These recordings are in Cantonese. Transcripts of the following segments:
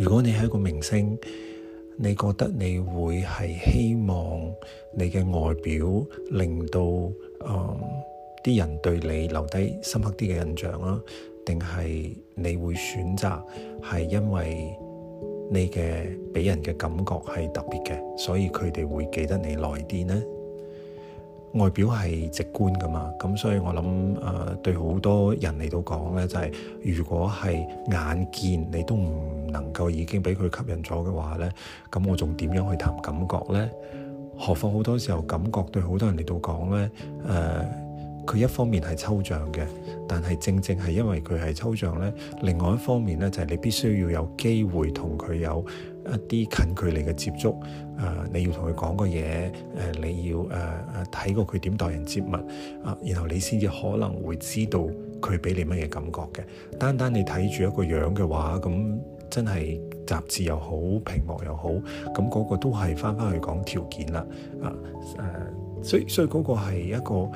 如果你係一個明星，你覺得你會係希望你嘅外表令到啲、呃、人對你留低深刻啲嘅印象啦，定係你會選擇係因為你嘅畀人嘅感覺係特別嘅，所以佢哋會記得你耐啲呢？外表係直觀噶嘛，咁所以我諗誒、呃、對好多人嚟到講呢，就係、是、如果係眼見你都唔能夠已經俾佢吸引咗嘅話呢，咁我仲點樣去談感覺呢？何況好多時候感覺對好多人嚟到講呢，誒、呃、佢一方面係抽象嘅，但係正正係因為佢係抽象呢。另外一方面呢，就係、是、你必須要有機會同佢有，一啲近距離嘅接觸，誒、呃，你要同佢講個嘢，誒、呃，你要誒誒睇過佢點待人接物啊、呃，然後你先至可能會知道佢俾你乜嘢感覺嘅。單單你睇住一個樣嘅話，咁真係雜誌又好，屏幕又好，咁嗰個都係返返去講條件啦。啊、呃、誒，所以所以嗰個係一個。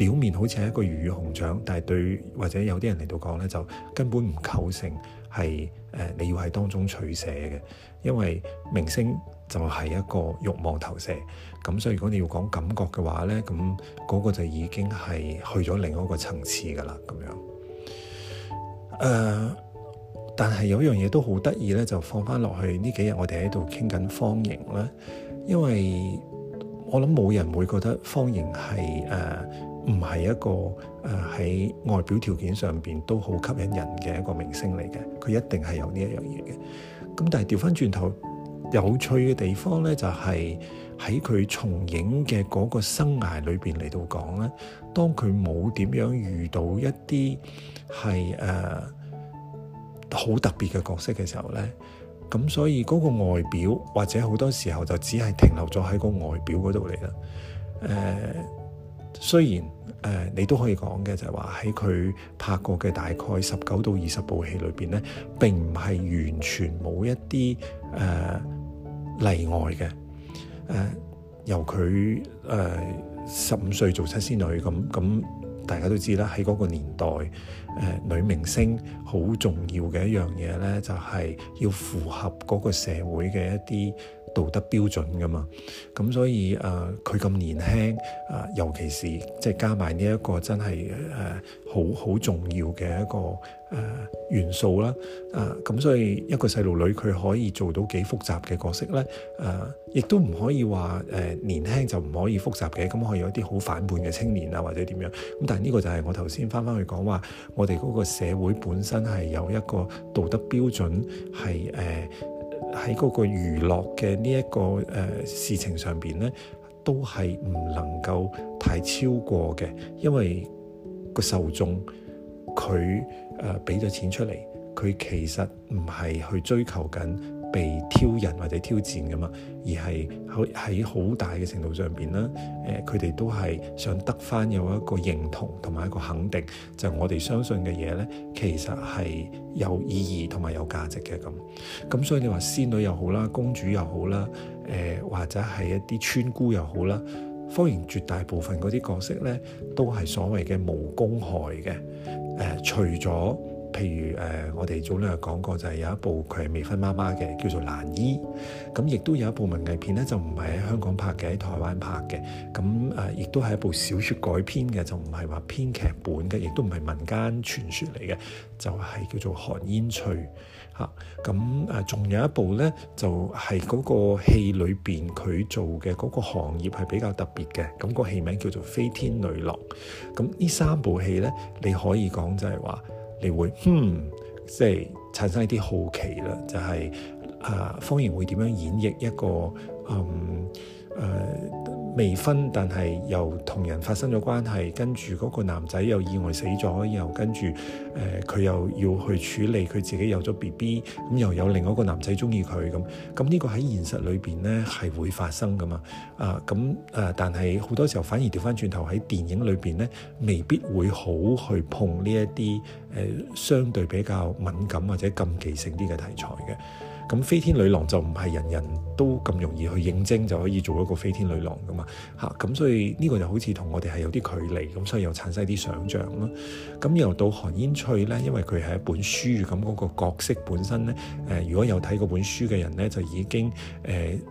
表面好似係一個魚與熊掌，但係對或者有啲人嚟到講呢，就根本唔構成係誒、呃，你要喺當中取捨嘅，因為明星就係一個欲望投射咁，所以如果你要講感覺嘅話呢，咁嗰個就已經係去咗另一個層次㗎喇，咁樣誒、呃。但係有樣嘢都好得意呢，就放翻落去呢幾日，我哋喺度傾緊方盈咧，因為我諗冇人會覺得方盈係誒、呃唔係一個誒喺、呃、外表條件上邊都好吸引人嘅一個明星嚟嘅，佢一定係有呢一樣嘢嘅。咁、嗯、但係調翻轉頭有趣嘅地方咧，就係喺佢從影嘅嗰個生涯裏邊嚟到講咧，當佢冇點樣遇到一啲係誒好特別嘅角色嘅時候咧，咁、嗯、所以嗰個外表或者好多時候就只係停留咗喺個外表嗰度嚟啦，誒、呃。雖然誒、呃，你都可以講嘅就係話喺佢拍過嘅大概十九到二十部戲裏邊咧，並唔係完全冇一啲誒、呃、例外嘅。誒、呃，由佢誒十五歲做七仙女咁咁，大家都知啦。喺嗰個年代，誒、呃、女明星好重要嘅一樣嘢咧，就係、是、要符合嗰個社會嘅一啲道德標準㗎嘛，咁所以誒佢咁年輕，誒、呃、尤其是即係、就是、加埋呢、呃、一個真係誒好好重要嘅一個誒元素啦，誒、呃、咁所以一個細路女佢可以做到幾複雜嘅角色咧，誒、呃、亦都唔可以話誒、呃、年輕就唔可以複雜嘅，咁可以有啲好反叛嘅青年啊或者點樣，咁但係呢個就係我頭先返返去講話，我哋嗰個社會本身係有一個道德標準係誒。呃喺嗰個娛樂嘅呢一個誒、呃、事情上邊咧，都係唔能夠太超過嘅，因為個受眾佢誒俾咗錢出嚟，佢其實唔係去追求緊。被挑釁或者挑戰噶嘛，而係喺喺好大嘅程度上邊啦，誒佢哋都係想得翻有一個認同同埋一個肯定，就係、我哋相信嘅嘢咧，其實係有意義同埋有價值嘅咁。咁所以你話仙女又好啦，公主又好啦，誒、呃、或者係一啲村姑又好啦，當然絕大部分嗰啲角色咧，都係所謂嘅無公害嘅，誒、呃、除咗。譬如誒、呃，我哋早兩日講過，就係、是、有一部佢係未婚媽媽嘅，叫做《蘭姨》。咁亦都有一部文藝片咧，就唔係喺香港拍嘅，喺台灣拍嘅。咁誒，亦、呃、都係一部小說改編嘅，就唔係話編劇本嘅，亦都唔係民間傳說嚟嘅，就係、是、叫做《寒煙翠》嚇。咁、啊、誒，仲有一部咧，就係、是、嗰個戲裏邊佢做嘅嗰個行業係比較特別嘅。咁、那個戲名叫做《飛天女郎》。咁呢三部戲咧，你可以講就係話。你會，嗯，即係產生一啲好奇啦，就係，啊，方盈會點樣演繹一個，嗯，誒。未婚，但係又同人發生咗關係，跟住嗰個男仔又意外死咗，又跟住誒佢又要去處理佢自己有咗 BB，咁又有另外一個男仔中意佢咁，咁呢個喺現實裏邊咧係會發生㗎嘛？啊，咁誒、啊，但係好多時候反而調翻轉頭喺電影裏邊咧，未必會好去碰呢一啲誒相對比較敏感或者禁忌性啲嘅題材嘅。咁飛天女郎就唔係人人都咁容易去應徵就可以做一個飛天女郎噶嘛嚇，咁、啊、所以呢個就好似同我哋係有啲距離，咁所以又產生啲想像咯。咁又到韓煙翠咧，因為佢係一本書咁，嗰個角色本身咧，誒、呃、如果有睇嗰本書嘅人咧，就已經誒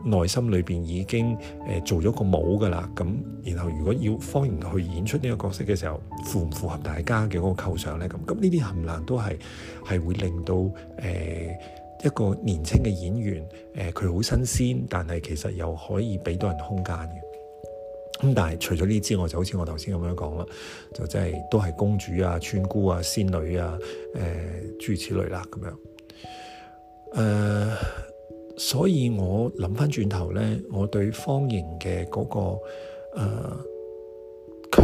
內、呃、心裏邊已經誒、呃、做咗個模噶啦。咁然後如果要方盈去演出呢個角色嘅時候，符唔符合大家嘅嗰個構想咧？咁咁呢啲冚唥都係係會令到誒。呃一個年輕嘅演員，誒、佢好新鮮，但係其實又可以俾到人空間嘅。咁、嗯、但係除咗呢啲之外，就好似我頭先咁樣講啦，就真係都係公主啊、村姑啊、仙女啊，誒、呃、諸如此類啦咁樣。誒、呃，所以我諗返轉頭咧，我對方盈嘅嗰、嗰個誒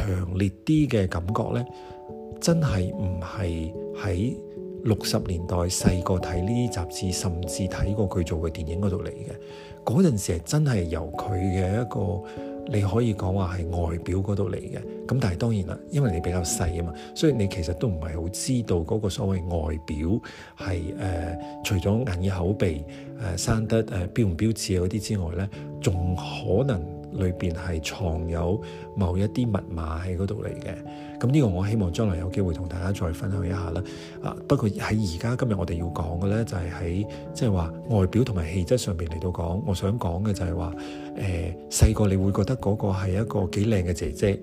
強、呃、烈啲嘅感覺咧，真係唔係喺。六十年代細個睇呢啲雜誌，甚至睇過佢做嘅電影嗰度嚟嘅。嗰陣時係真係由佢嘅一個，你可以講話係外表嗰度嚟嘅。咁但係當然啦，因為你比較細啊嘛，所以你其實都唔係好知道嗰個所謂外表係誒、呃，除咗眼耳口鼻誒生得誒標唔標致嗰啲之外咧，仲可能。裏邊係藏有某一啲密碼喺嗰度嚟嘅，咁呢個我希望將來有機會同大家再分享一下啦。啊，不過喺而家今日我哋要講嘅呢，就係喺即係話外表同埋氣質上面嚟到講，我想講嘅就係話，誒細個你會覺得嗰個係一個幾靚嘅姐姐，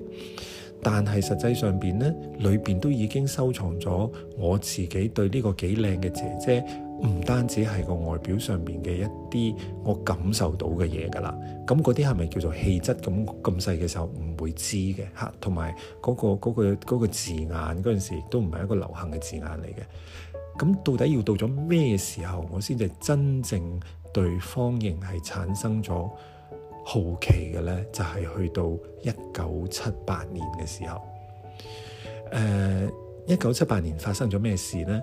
但係實際上邊呢，裏邊都已經收藏咗我自己對呢個幾靚嘅姐姐。唔單止係個外表上面嘅一啲我感受到嘅嘢㗎啦，咁嗰啲係咪叫做氣質？咁咁細嘅時候唔會知嘅嚇，同埋嗰個嗰個嗰個字眼嗰陣時都唔係一個流行嘅字眼嚟嘅。咁到底要到咗咩時候，我先至真正對方盈係產生咗好奇嘅咧？就係去到一九七八年嘅時候。誒，一九七八年發生咗咩事咧？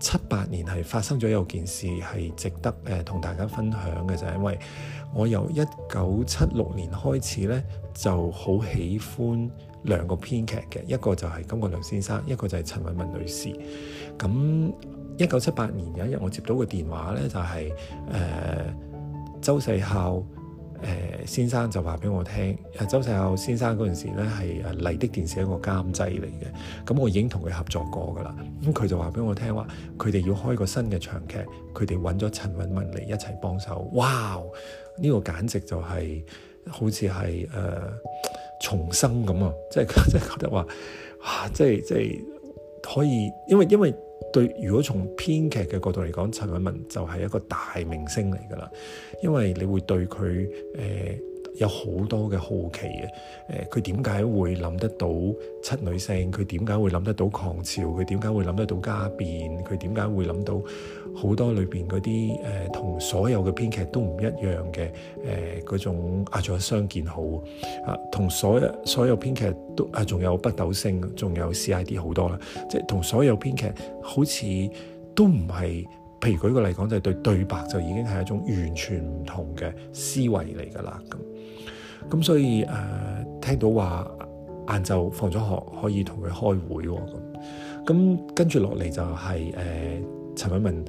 七八年係發生咗有件事係值得誒，同、呃、大家分享嘅，就係因為我由一九七六年開始，咧就好喜歡兩個編劇嘅，一個就係金國良先生，一個就係陳韻文女士。咁一九七八年有一日我接到個電話咧就係、是、誒、呃、周世孝。誒先生就話俾我聽，誒周世友先生嗰陣時咧係誒麗的電視一個監製嚟嘅，咁我已經同佢合作過噶啦。咁、嗯、佢就話俾我聽話，佢哋要開個新嘅長劇，佢哋揾咗陳韻文嚟一齊幫手。哇！呢、這個簡直就係、是、好似係誒重生咁啊！即係即係覺得話哇，即係即係可以，因為因為。對，如果從編劇嘅角度嚟講，陳偉文，文就係一個大明星嚟㗎啦，因為你會對佢誒、呃、有好多嘅好奇嘅，誒佢點解會諗得到七女性？佢點解會諗得到狂潮？佢點解會諗得到家變？佢點解會諗到？好多裏邊嗰啲誒同所有嘅編劇都唔一樣嘅誒嗰種啊，仲有相見好啊，同所有所有編劇都啊，仲有北斗星，仲有 C.I.D. 好多啦，即係同所有編劇好似都唔係，譬如舉個例講，就係、對對白就已經係一種完全唔同嘅思維嚟㗎啦。咁咁所以誒、呃、聽到話晏晝放咗學可以同佢開會喎、哦。咁咁跟住落嚟就係、係、誒、呃、陳文文，文。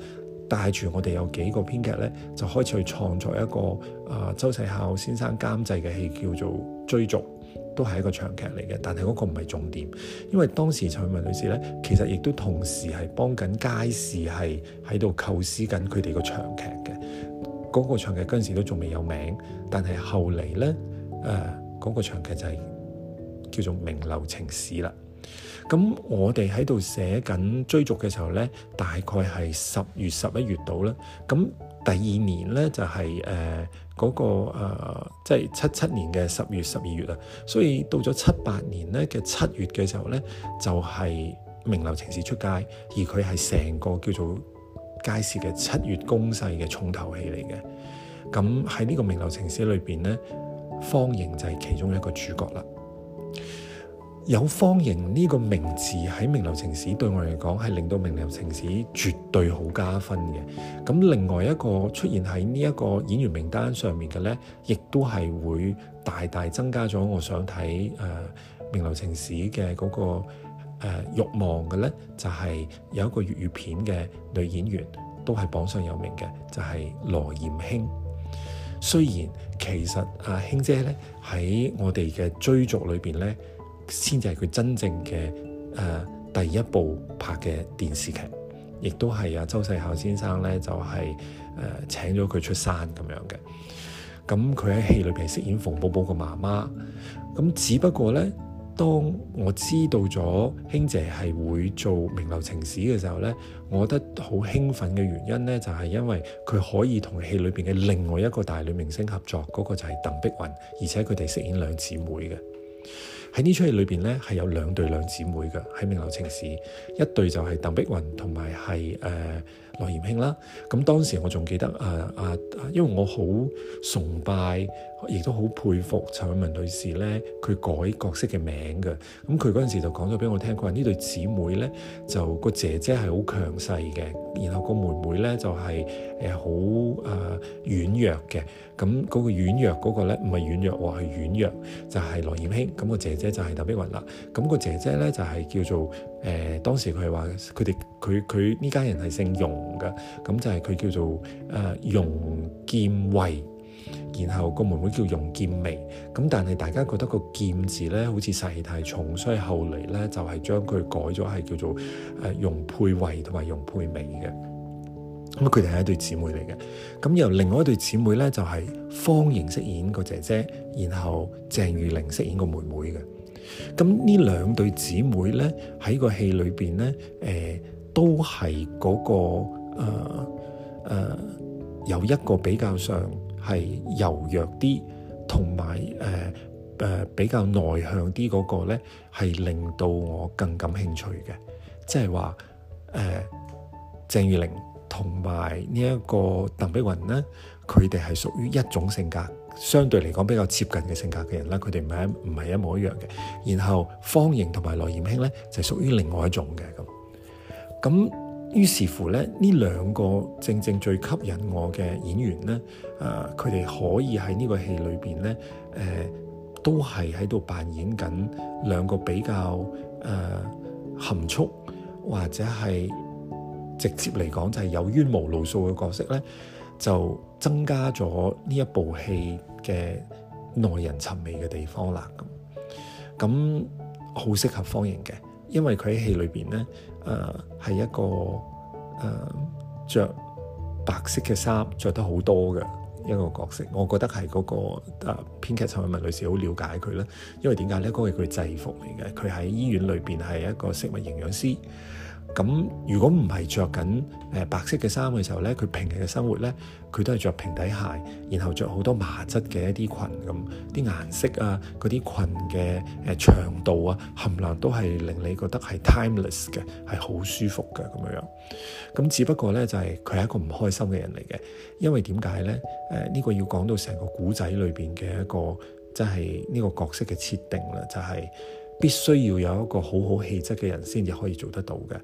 帶住我哋有幾個編劇咧，就開始去創作一個啊、呃、周世孝先生監製嘅戲，叫做《追逐》，都係一個長劇嚟嘅。但係嗰個唔係重點，因為當時蔡文女士咧，其實亦都同時係幫緊佳視，係喺度構思緊佢哋個長劇嘅。嗰個長劇嗰陣時都仲未有名，但係後嚟咧，誒、呃、嗰、那個長劇就係、是、叫做《名流情史》啦。咁我哋喺度寫緊追逐嘅時候呢，大概係十月十一月到啦。咁第二年呢，就係誒嗰個即係七七年嘅十月十二月啊。所以到咗七八年呢嘅七月嘅時候呢，就係、是、名流情史出街，而佢係成個叫做街市嘅七月攻勢嘅重頭戲嚟嘅。咁喺呢個名流情史裏邊呢，方盈就係其中一個主角啦。有方盈呢、這個名字喺《名流情史》對我嚟講係令到《名流情史》絕對好加分嘅。咁另外一個出現喺呢一個演員名單上面嘅呢，亦都係會大大增加咗我想睇誒、呃《名流情史、那個》嘅嗰個欲望嘅呢。就係、是、有一個粵語片嘅女演員都係榜上有名嘅，就係羅艷卿。雖然其實阿、啊、卿姐呢喺我哋嘅追逐裏邊呢，先至係佢真正嘅誒、呃、第一部拍嘅電視劇，亦都係阿周世孝先生咧，就係、是、誒、呃、請咗佢出山咁樣嘅。咁佢喺戲裏邊飾演馮寶寶個媽媽。咁、嗯，只不過咧，當我知道咗兄姐係會做名流情史嘅時候咧，我覺得好興奮嘅原因咧，就係、是、因為佢可以同戲裏邊嘅另外一個大女明星合作，嗰、那個就係鄧碧雲，而且佢哋飾演兩姊妹嘅。喺呢出戲裏面呢，係有兩對兩姊妹嘅。喺《名流情史》，一對就係鄧碧雲同埋係羅艷卿啦，咁當時我仲記得啊啊，啊，因為我好崇拜，亦都好佩服陳偉文女士咧，佢改角色嘅名嘅。咁佢嗰陣時就講咗俾我聽，佢話呢對姊妹咧，就個姐姐係好強勢嘅，然後個妹妹咧就係誒好啊軟弱嘅。咁嗰個軟弱嗰個咧唔係軟弱，話係軟弱就係、是、羅艷卿。咁、那個姐姐就係鄧碧雲啦。咁、那個姐姐咧就係、是、叫做。誒、呃、當時佢係話佢哋佢佢呢家人係姓容嘅，咁就係佢叫做誒、呃、容劍慧，然後個妹妹叫容劍美。咁但係大家覺得個劍字咧好似殺氣太重，所以後嚟咧就係將佢改咗係叫做誒、呃、容佩慧同埋容佩美嘅。咁佢哋係一對姊妹嚟嘅。咁由另外一對姊妹咧就係、是、方盈飾演個姐姐，然後鄭裕玲飾演個妹妹嘅。咁呢兩對姊妹咧喺個戲裏邊咧，誒、呃，都係嗰、那個誒誒、呃呃，有一個比較上係柔弱啲，同埋誒誒比較內向啲嗰個咧，係令到我更感興趣嘅。即係話，誒、呃，鄭月玲同埋呢一個鄧碧雲咧，佢哋係屬於一種性格。相對嚟講比較接近嘅性格嘅人啦，佢哋唔係唔係一模一樣嘅。然後方盈同埋羅艷卿咧就是，屬於另外一種嘅咁。咁於是乎咧，呢兩個正正最吸引我嘅演員咧，誒、呃，佢哋可以喺呢個戲裏邊咧，誒、呃，都係喺度扮演緊兩個比較誒、呃、含蓄或者係直接嚟講就係有冤無路訴嘅角色咧，就。增加咗呢一部戲嘅耐人尋味嘅地方啦，咁好適合方盈嘅，因為佢喺戲裏邊咧，誒、呃、係一個誒著、呃、白色嘅衫着得好多嘅一個角色，我覺得係嗰、那個誒、啊、編劇陳文女士好了解佢啦，因為點解咧？嗰個係佢制服嚟嘅，佢喺醫院裏邊係一個食物營養師。咁如果唔係着緊誒白色嘅衫嘅時候咧，佢平日嘅生活咧，佢都係着平底鞋，然後着好多麻質嘅一啲裙咁，啲顏色啊，嗰啲裙嘅誒長度啊，冚唪唥都係令你覺得係 timeless 嘅，係好舒服嘅咁樣。咁只不過咧，就係佢係一個唔開心嘅人嚟嘅，因為點解咧？誒、這、呢個要講到成個古仔裏邊嘅一個即係呢個角色嘅設定啦，就係、是。必須要有一個好好氣質嘅人先至可以做得到嘅，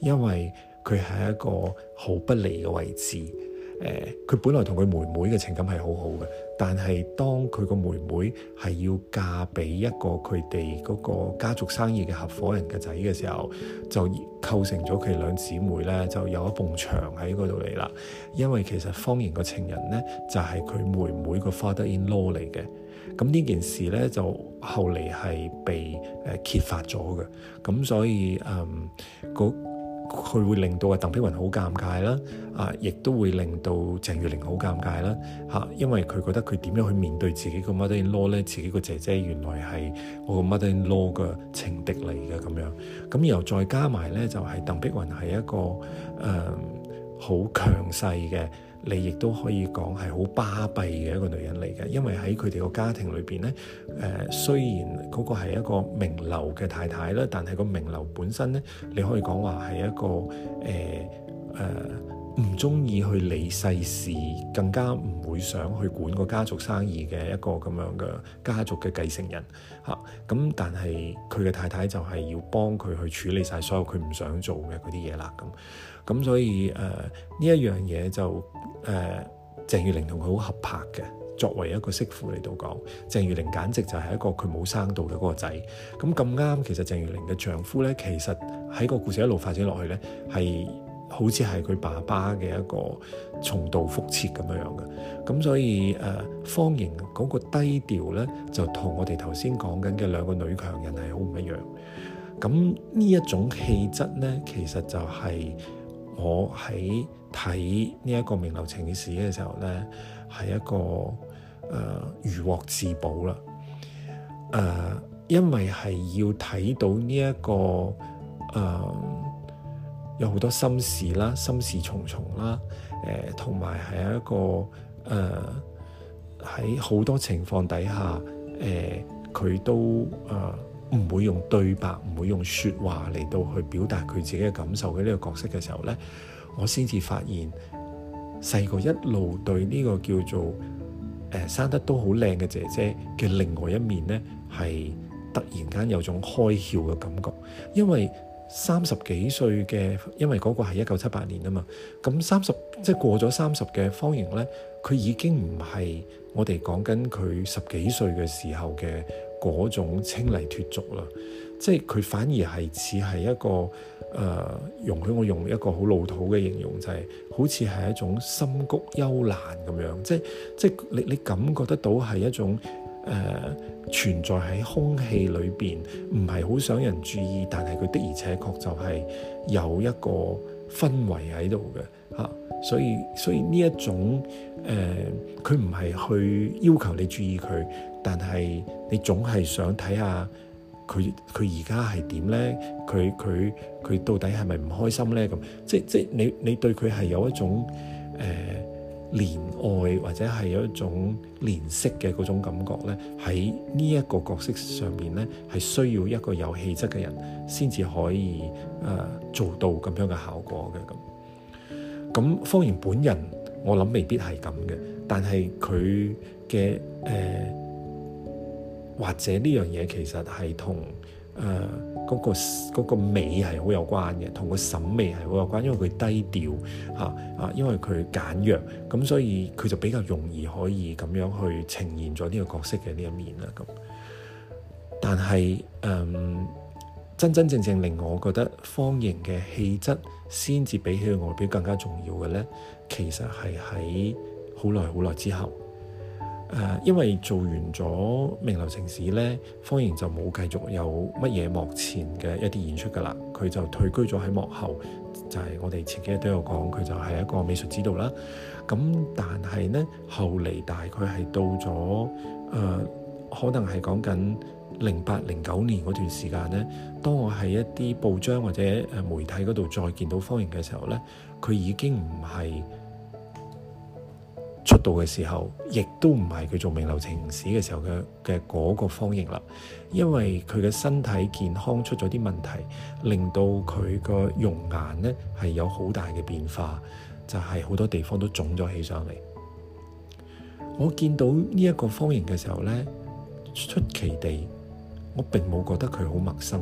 因為佢係一個好不利嘅位置。誒、呃，佢本來同佢妹妹嘅情感係好好嘅，但係當佢個妹妹係要嫁俾一個佢哋嗰個家族生意嘅合伙人嘅仔嘅時候，就構成咗佢兩姊妹咧就有一埲牆喺嗰度嚟啦。因為其實方盈個情人咧就係、是、佢妹妹個 father in law 嚟嘅。咁呢件事咧就後嚟係被誒揭發咗嘅，咁所以誒佢、嗯、會令到阿鄧碧雲好尷尬啦，啊，亦都會令到鄭月玲好尷尬啦，嚇、啊，因為佢覺得佢點樣去面對自己個 mother-in-law 咧，自己個姐姐原來係我個 mother-in-law 嘅情敵嚟嘅咁樣，咁然後再加埋咧就係、是、鄧碧雲係一個誒好、嗯、強勢嘅。你亦都可以講係好巴閉嘅一個女人嚟嘅，因為喺佢哋個家庭裏邊呢，誒、呃、雖然嗰個係一個名流嘅太太啦，但係個名流本身呢，你可以講話係一個誒誒唔中意去理世事，更加唔會想去管個家族生意嘅一個咁樣嘅家族嘅繼承人嚇。咁、啊、但係佢嘅太太就係要幫佢去處理晒所有佢唔想做嘅嗰啲嘢啦咁。咁所以誒呢、呃、一樣嘢就誒、呃、鄭月玲同佢好合拍嘅，作為一個媳婦嚟到講，鄭月玲簡直就係一個佢冇生到嘅嗰個仔。咁咁啱，其實鄭月玲嘅丈夫咧，其實喺個故事一路發展落去咧，係好似係佢爸爸嘅一個重蹈覆轍咁樣樣嘅。咁所以誒、呃，方形嗰個低調咧，就同我哋頭先講緊嘅兩個女強人係好唔一樣。咁呢一種氣質咧，其實就係、是。我喺睇呢一個名流情史嘅時候咧，係一個誒如、呃、獲至寶啦，誒、呃，因為係要睇到呢、這、一個誒、呃、有好多心事啦，心事重重啦，誒、呃，同埋係一個誒喺好多情況底下，誒、呃、佢都誒。呃唔會用對白，唔會用説話嚟到去表達佢自己嘅感受嘅呢個角色嘅時候呢，我先至發現細個一路對呢個叫做誒、呃、生得都好靚嘅姐姐嘅另外一面呢，係突然間有種開竅嘅感覺，因為三十幾歲嘅，因為嗰個係一九七八年啊嘛，咁三十即係過咗三十嘅方盈呢，佢已經唔係我哋講緊佢十幾歲嘅時候嘅。嗰種清麗脫俗啦，即係佢反而係似係一個誒、呃，容許我用一個好老土嘅形容，就係、是、好似係一種深谷幽蘭咁樣，即即你你感覺得到係一種誒、呃、存在喺空氣裏邊，唔係好想人注意，但係佢的而且確就係有一個氛圍喺度嘅嚇，所以所以呢一種誒，佢唔係去要求你注意佢。但係，你總係想睇下佢佢而家係點咧？佢佢佢到底係咪唔開心咧？咁即係即係你你對佢係有一種誒憐、呃、愛，或者係有一種憐惜嘅嗰種感覺咧。喺呢一個角色上邊咧，係需要一個有氣質嘅人先至可以誒、呃、做到咁樣嘅效果嘅。咁咁，方盈本人我諗未必係咁嘅，但係佢嘅誒。呃或者呢樣嘢其實係同誒嗰個美係好有關嘅，同個審美係好有關，因為佢低調嚇啊，啊，因為佢簡約，咁所以佢就比較容易可以咁樣去呈現咗呢個角色嘅呢一面啦。咁，但係誒，真真正正令我覺得方盈嘅氣質先至比起外表更加重要嘅咧，其實係喺好耐好耐之後。誒，因為做完咗名流城市咧，方盈就冇繼續有乜嘢幕前嘅一啲演出㗎啦，佢就退居咗喺幕後，就係我哋前幾日都有講，佢就係一個美術指導啦。咁但係咧，後嚟大概係到咗誒、呃，可能係講緊零八零九年嗰段時間咧，當我喺一啲報章或者誒媒體嗰度再見到方盈嘅時候咧，佢已經唔係，到嘅時候，亦都唔係佢做名流情史嘅時候嘅嘅嗰個方盈啦，因為佢嘅身體健康出咗啲問題，令到佢個容顏咧係有好大嘅變化，就係、是、好多地方都腫咗起上嚟。我見到呢一個方盈嘅時候咧，出奇地我並冇覺得佢好陌生，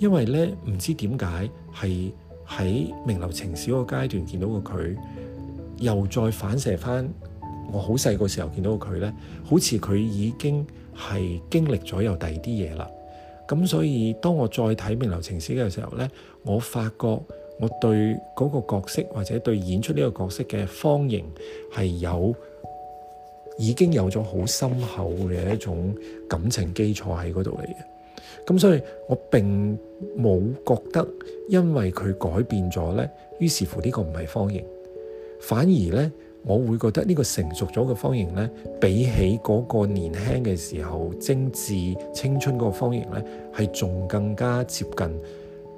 因為咧唔知點解係喺名流情史嗰個階段見到個佢。又再反射翻我好細個時候見到佢呢，好似佢已經係經歷咗有第二啲嘢啦。咁所以當我再睇《名流情史》嘅時候呢，我發覺我對嗰個角色或者對演出呢個角色嘅方盈係有已經有咗好深厚嘅一種感情基礎喺嗰度嚟嘅。咁所以，我並冇覺得因為佢改變咗呢，於是乎呢個唔係方盈。反而咧，我會覺得呢個成熟咗嘅方盈咧，比起嗰個年輕嘅時候精致青春個方盈咧，係仲更加接近。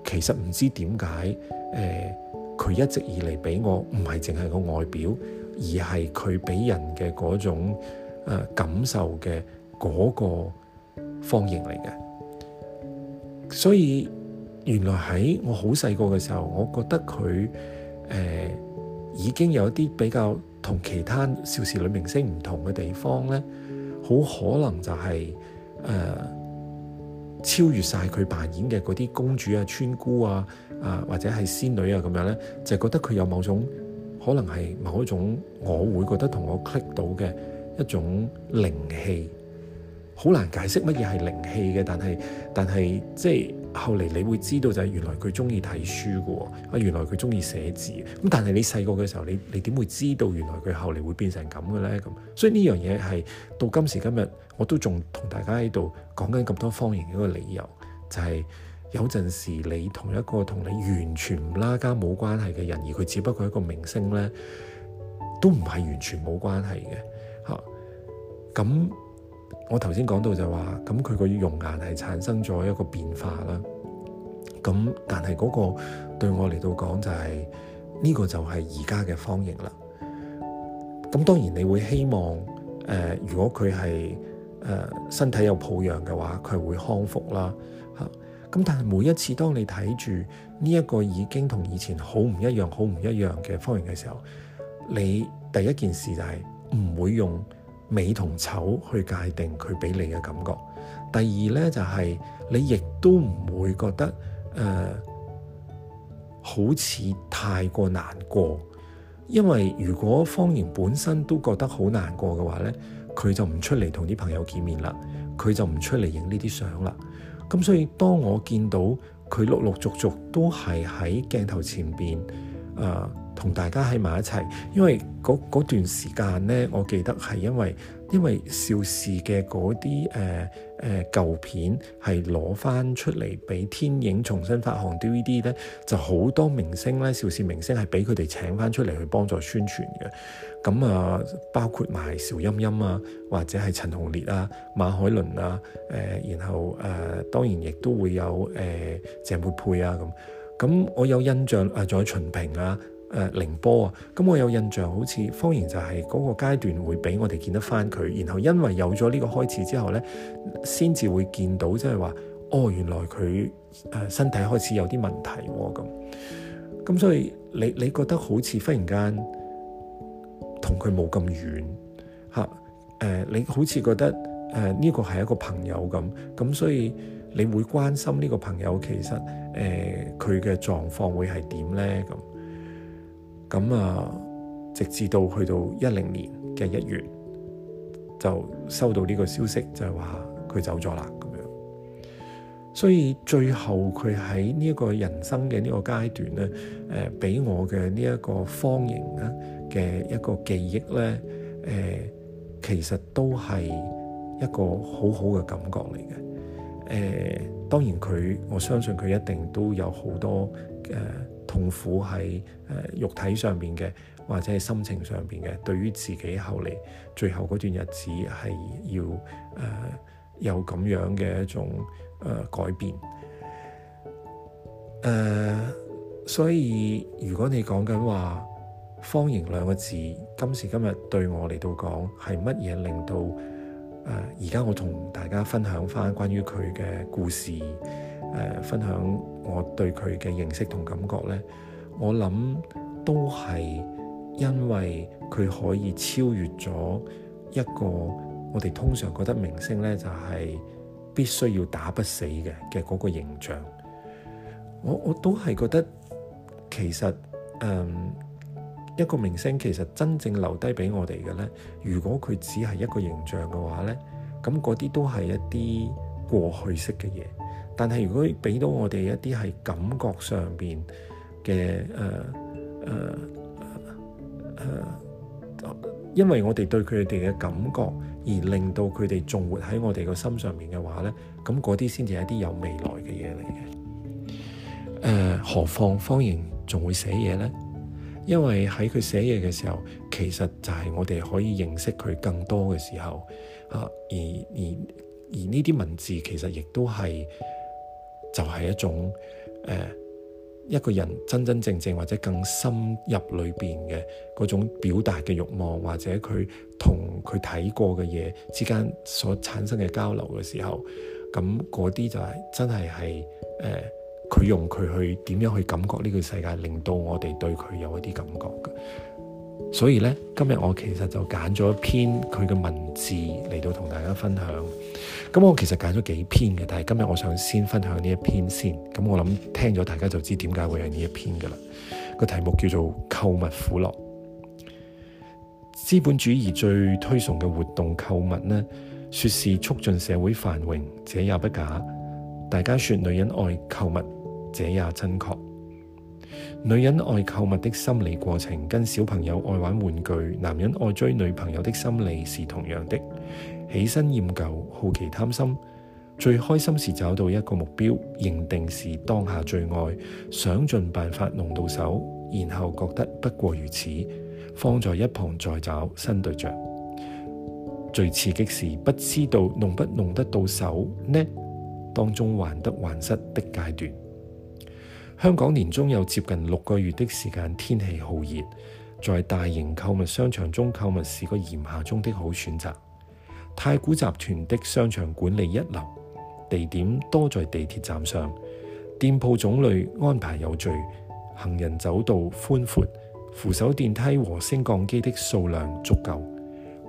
其實唔知點解，誒、呃，佢一直以嚟俾我唔係淨係個外表，而係佢俾人嘅嗰種誒、呃、感受嘅嗰個方盈嚟嘅。所以原來喺我好細個嘅時候，我覺得佢誒。呃已經有一啲比較同其他邵氏女明星唔同嘅地方咧，好可能就係、是、誒、呃、超越晒佢扮演嘅嗰啲公主啊、村姑啊、啊或者係仙女啊咁樣咧，就覺得佢有某種可能係某一種，我會覺得同我 click 到嘅一種靈氣。好難解釋乜嘢係靈氣嘅，但係但係即係。後嚟你會知道就係原來佢中意睇書嘅喎、哦，啊原來佢中意寫字，咁但係你細個嘅時候你你點會知道原來佢後嚟會變成咁嘅咧咁？所以呢樣嘢係到今時今日我都仲同大家喺度講緊咁多方言嘅一個理由，就係、是、有陣時你同一個同你完全唔拉更冇關係嘅人，而佢只不過係一個明星咧，都唔係完全冇關係嘅嚇，咁、啊。我頭先講到就話，咁佢個容顏係產生咗一個變化啦。咁但係嗰個對我嚟到講就係、是、呢、這個就係而家嘅方盈啦。咁當然你會希望誒、呃，如果佢係誒身體有抱恙嘅話，佢會康復啦。吓、啊，咁但係每一次當你睇住呢一個已經同以前好唔一樣、好唔一樣嘅方盈嘅時候，你第一件事就係唔會用。美同醜去界定佢俾你嘅感覺。第二呢，就係、是、你亦都唔會覺得誒、呃、好似太過難過，因為如果方盈本身都覺得好難過嘅話呢，佢就唔出嚟同啲朋友見面啦，佢就唔出嚟影呢啲相啦。咁所以當我見到佢陸陸續續都係喺鏡頭前邊誒。呃同大家喺埋一齊，因為嗰段時間呢，我記得係因為因為邵氏嘅嗰啲誒誒舊片係攞翻出嚟俾天影重新發行 DVD 呢，就好多明星呢，邵氏明星係俾佢哋請翻出嚟去幫助宣傳嘅。咁啊，包括埋邵音音啊，或者係陳鴻烈啊、馬海倫啊，誒、呃，然後誒、呃，當然亦都會有誒鄭佩佩啊咁。咁我有印象啊，仲有秦萍啊。誒凌、呃、波啊，咁、嗯、我有印象，好似忽然就係嗰個階段會俾我哋見得翻佢，然後因為有咗呢個開始之後咧，先至會見到即係話，哦原來佢誒、呃、身體開始有啲問題喎、哦、咁。咁、嗯、所以你你覺得好似忽然間同佢冇咁遠嚇？誒、啊呃、你好似覺得誒呢、呃這個係一個朋友咁，咁、嗯、所以你會關心呢個朋友其實誒佢嘅狀況會係點咧咁？咁啊，直至到去到一零年嘅一月，就收到呢個消息，就係話佢走咗啦咁樣。所以最後佢喺呢一個人生嘅呢個階段咧，誒、呃，俾我嘅呢一個方盈嘅一個記憶咧，誒、呃，其實都係一個好好嘅感覺嚟嘅。誒、呃，當然佢，我相信佢一定都有好多誒。呃痛苦喺誒、呃、肉體上邊嘅，或者係心情上邊嘅，對於自己後嚟最後嗰段日子係要誒、呃、有咁樣嘅一種誒、呃、改變。誒、呃，所以如果你講緊話「方盈」兩個字，今時今日對我嚟到講係乜嘢令到誒而家我同大家分享翻關於佢嘅故事，誒、呃、分享。我對佢嘅認識同感覺呢，我諗都係因為佢可以超越咗一個我哋通常覺得明星呢，就係必須要打不死嘅嘅嗰個形象。我我都係覺得，其實誒、嗯、一個明星其實真正留低俾我哋嘅呢，如果佢只係一個形象嘅話呢，咁嗰啲都係一啲過去式嘅嘢。但係如果俾到我哋一啲係感覺上邊嘅，誒誒誒，因為我哋對佢哋嘅感覺而令到佢哋仲活喺我哋個心上面嘅話咧，咁嗰啲先至係一啲有未來嘅嘢嚟嘅。誒、呃，何況方盈仲會寫嘢咧？因為喺佢寫嘢嘅時候，其實就係我哋可以認識佢更多嘅時候啊。而而而呢啲文字其實亦都係。就係一種誒、呃、一個人真真正正或者更深入裏邊嘅嗰種表達嘅慾望，或者佢同佢睇過嘅嘢之間所產生嘅交流嘅時候，咁嗰啲就係、是、真係係誒佢用佢去點樣去感覺呢個世界，令到我哋對佢有一啲感覺嘅。所以呢，今日我其實就揀咗一篇佢嘅文字嚟到同大家分享。咁、嗯、我其實揀咗幾篇嘅，但係今日我想先分享呢一篇先。咁、嗯、我諗聽咗大家就知點解會係呢一篇㗎喇。個題目叫做《購物苦樂》。資本主義最推崇嘅活動，購物呢，説是促進社會繁榮，這也不假。大家説女人愛購物，這也真確。女人愛購物的心理過程，跟小朋友愛玩玩具、男人愛追女朋友的心理是同樣的。喜新厭舊，好奇貪心，最開心是找到一個目標，認定是當下最愛，想盡辦法弄到手，然後覺得不過如此，放在一旁再找新對象。最刺激是不知道弄不弄得到手呢，當中患得患失的階段。香港年中有接近六個月的時間，天氣酷熱，在大型購物商場中購物是個炎夏中的好選擇。太古集團的商場管理一流，地點多在地鐵站上，店鋪種類安排有序，行人走道寬闊，扶手電梯和升降機的數量足夠，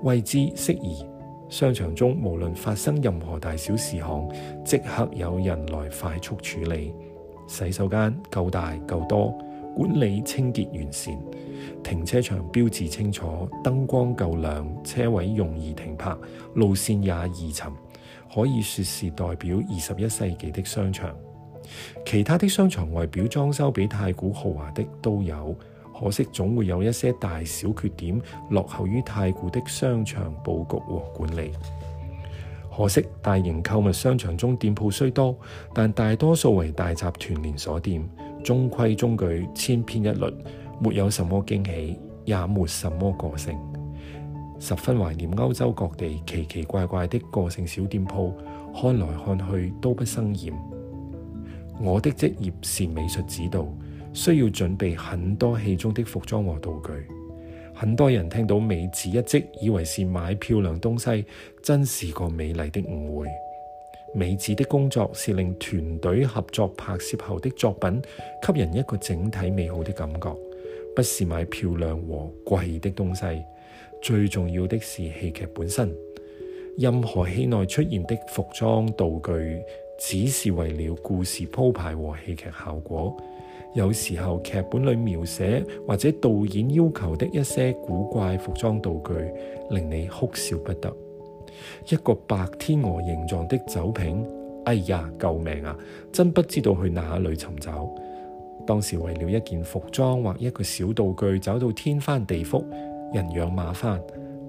位置適宜。商場中無論發生任何大小事項，即刻有人來快速處理。洗手間夠大夠多，管理清潔完善，停車場標誌清楚，燈光夠亮，車位容易停泊，路線也易尋，可以說是代表二十一世紀的商場。其他的商場外表裝修比太古豪華的都有，可惜總會有一些大小缺點，落後於太古的商場佈局和管理。可惜大型購物商場中店鋪雖多，但大多數為大集團連鎖店，中規中矩、千篇一律，沒有什麼驚喜，也沒什麼個性。十分懷念歐洲各地奇奇怪怪的個性小店鋪，看來看去都不生厭。我的職業是美術指導，需要準備很多戲中的服裝和道具。很多人聽到美指一職，以為是買漂亮東西，真是個美麗的誤會。美指的工作是令團隊合作拍攝後的作品，給人一個整體美好的感覺，不是買漂亮和貴的東西。最重要的是戲劇本身，任何戲內出現的服裝道具，只是為了故事鋪排和戲劇效果。有時候劇本裏描寫或者導演要求的一些古怪服裝道具，令你哭笑不得。一個白天鵝形狀的酒瓶，哎呀，救命啊！真不知道去哪裏尋找。當時為了一件服裝或一個小道具，走到天翻地覆、人仰馬翻。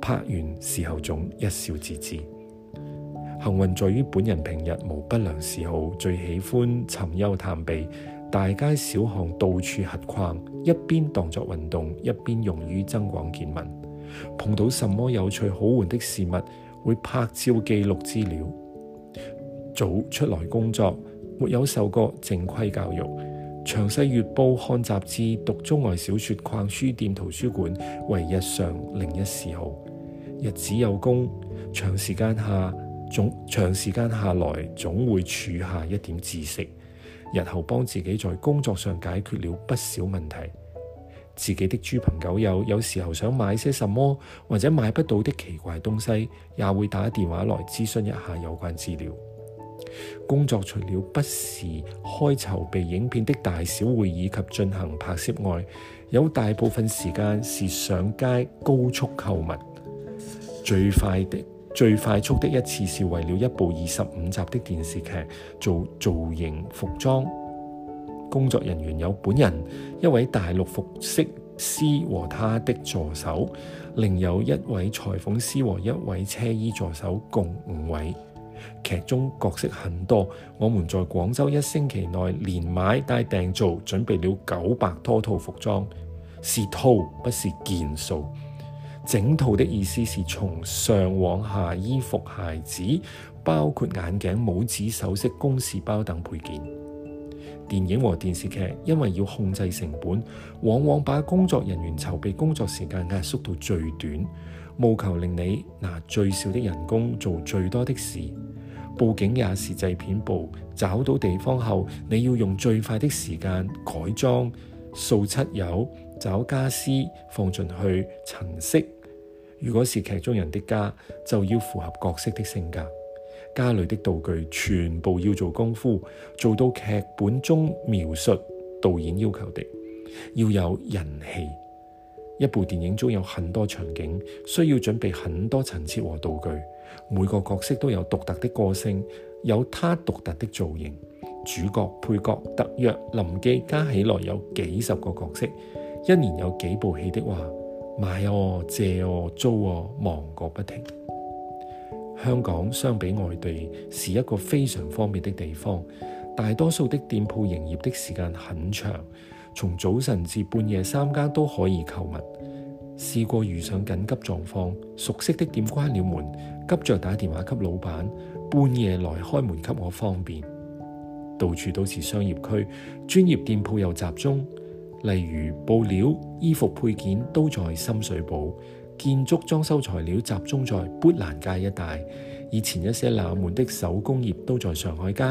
拍完時候總一笑置之。幸運在於本人平日無不良嗜好，最喜歡尋幽探秘。大街小巷，到處閒逛，一邊當作運動，一邊用於增廣見聞。碰到什麼有趣好玩的事物，會拍照記錄資料。早出來工作，沒有受過正規教育，詳細閱報看雜誌，讀中外小說，逛書店圖書館為日常另一嗜好。日子有功，長時間下總，長時間下來總會儲下一點知識。日後幫自己在工作上解決了不少問題，自己的豬朋狗友有時候想買些什麼或者買不到的奇怪東西，也會打電話來諮詢一下有關資料。工作除了不時開籌備影片的大小會議及進行拍攝外，有大部分時間是上街高速購物，最快的。最快速的一次是為了一部二十五集的電視劇做造型服裝。工作人員有本人一位大陸服飾師和他的助手，另有一位裁縫師和一位車衣助手共五位。劇中角色很多，我們在廣州一星期內連買帶訂做準備了九百多套服裝，是套不是件數。整套的意思是從上往下衣服、鞋子，包括眼鏡、帽子、首飾、公事包等配件。電影和電視劇因為要控制成本，往往把工作人員籌備工作時間壓縮到最短，務求令你拿最少的人工做最多的事。佈景也是製片部找到地方後，你要用最快的時間改裝、掃漆油。找家私放進去陳設，如果是劇中人的家就要符合角色的性格。家裏的道具全部要做功夫，做到劇本中描述導演要求的，要有人氣。一部電影中有很多場景，需要準備很多層次和道具。每個角色都有獨特的個性，有他獨特的造型。主角、配角、特約、臨記加起來有幾十個角色。一年有幾部戲的話，買哦、借哦、租哦，忙個不停。香港相比外地是一個非常方便的地方，大多數的店鋪營業的時間很長，從早晨至半夜三更都可以購物。試過遇上緊急狀況，熟悉的店關了門，急着打電話給老闆，半夜來開門給我方便。到處都是商業區，專業店鋪又集中。例如布料、衣服配件都在深水埗，建築裝修材料集中在砵蘭街一帶，以前一些冷門的手工業都在上海街。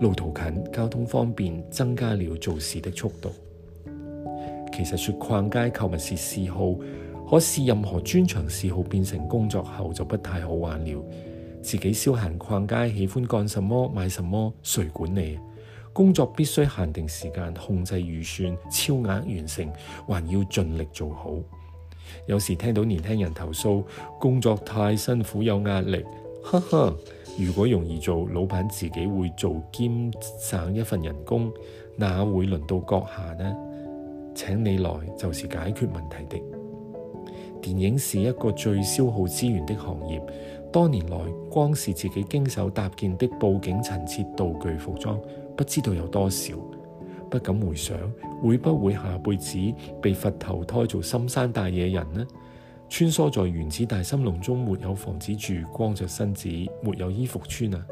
路途近，交通方便，增加了做事的速度。其實說逛街購物是嗜好，可是任何專長嗜好變成工作後就不太好玩了。自己消閒逛街，喜歡幹什麼買什麼，誰管你？工作必須限定時間，控制預算，超額完成，還要盡力做好。有時聽到年輕人投訴工作太辛苦，有壓力。呵呵，如果容易做，老闆自己會做兼省一份人工，哪會輪到閣下呢？請你來就是解決問題的。電影是一個最消耗資源的行業，多年來光是自己經手搭建的布景、陳設、道具、服裝。不知道有多少，不敢回想，會不會下輩子被佛投胎做深山大野人呢？穿梭在原始大森林中，沒有房子住，光着身子，沒有衣服穿啊！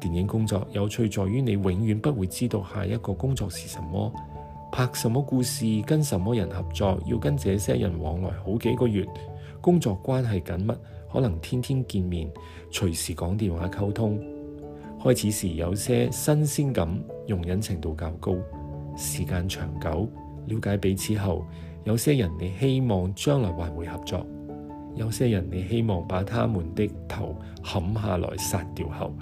電影工作有趣在於你永遠不會知道下一個工作是什麼，拍什麼故事，跟什麼人合作，要跟這些人往來好幾個月，工作關係緊密，可能天天見面，隨時講電話溝通。開始時有些新鮮感，容忍程度較高；時間長久，了解彼此後，有些人你希望將來還會合作，有些人你希望把他們的頭砍下來殺掉後，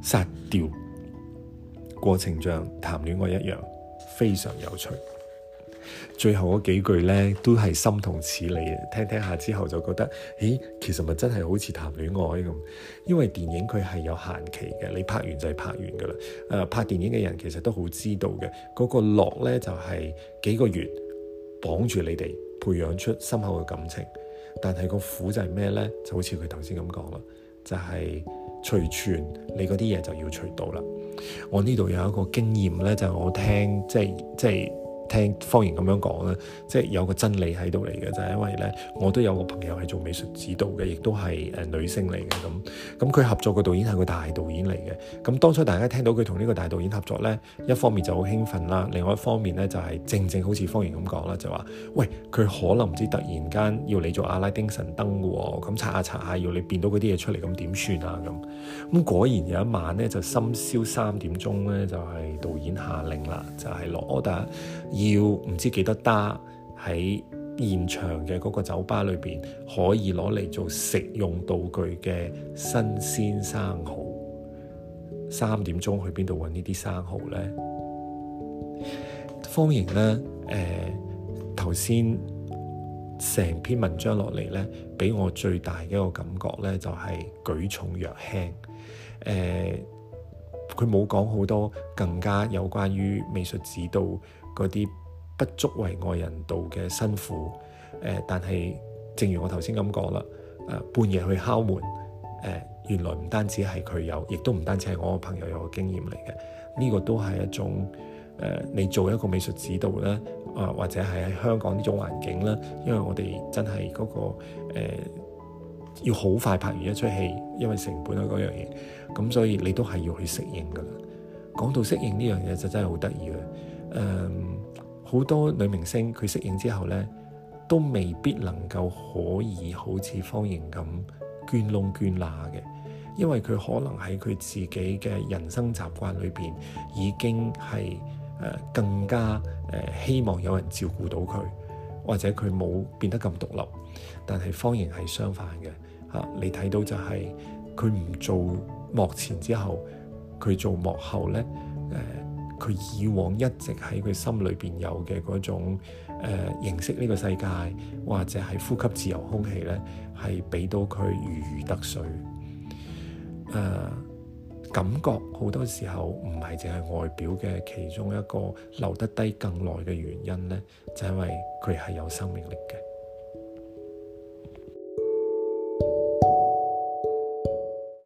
殺掉。過程像談戀愛一樣，非常有趣。最後嗰幾句呢，都係心同此理。聽聽下之後就覺得，咦，其實咪真係好似談戀愛咁，因為電影佢係有限期嘅，你拍完就係拍完噶啦。誒、呃，拍電影嘅人其實都好知道嘅，嗰、那個樂呢就係、是、幾個月綁住你哋，培養出深厚嘅感情。但係個苦就係咩呢？就好似佢頭先咁講啦，就係隨傳你嗰啲嘢，就要隨到啦。我呢度有一個經驗呢，就是、我聽即係即係。聽方盈咁樣講咧，即係有個真理喺度嚟嘅，就係因為咧，我都有個朋友係做美術指導嘅，亦都係誒女性嚟嘅咁。咁佢合作個導演係個大導演嚟嘅。咁當初大家聽到佢同呢個大導演合作咧，一方面就好興奮啦，另外一方面咧就係正正好似方盈咁講啦，就話：喂，佢可能唔知突然間要你做阿拉丁神燈喎，咁擦下擦下要你變到嗰啲嘢出嚟，咁點算啊咁？咁果然有一晚咧，就深宵三點鐘咧，就係導演下令啦，就係攞要唔知幾多打喺現場嘅嗰個酒吧裏邊，可以攞嚟做食用道具嘅新鮮生蠔。三點鐘去邊度揾呢啲生蠔呢？方盈呢，誒頭先成篇文章落嚟呢，俾我最大嘅一個感覺呢，就係、是、舉重若輕。佢冇講好多更加有關於美術指導。嗰啲不足為外人道嘅辛苦，誒、呃，但係正如我頭先咁講啦，誒、呃、半夜去敲門，誒、呃、原來唔單止係佢有，亦都唔單止係我個朋友有個經驗嚟嘅。呢、這個都係一種誒、呃，你做一個美術指導啦，啊、呃、或者係喺香港呢種環境啦，因為我哋真係嗰、那個、呃、要好快拍完一出戲，因為成本啊嗰樣嘢，咁所以你都係要去適應㗎喇。講到適應呢樣嘢就真係好得意嘅。誒好、um, 多女明星佢適應之後呢，都未必能夠可以好似方盈咁捐窿捐罅嘅，因為佢可能喺佢自己嘅人生習慣裏邊已經係誒、呃、更加誒、呃、希望有人照顧到佢，或者佢冇變得咁獨立。但係方盈係相反嘅嚇、啊，你睇到就係佢唔做幕前之後，佢做幕後呢。誒、呃。佢以往一直喺佢心裏邊有嘅嗰種誒認識呢個世界，或者係呼吸自由空氣咧，係俾到佢如魚得水。誒、呃、感覺好多時候唔係淨係外表嘅，其中一個留得低更耐嘅原因咧，就係、是、因為佢係有生命力嘅。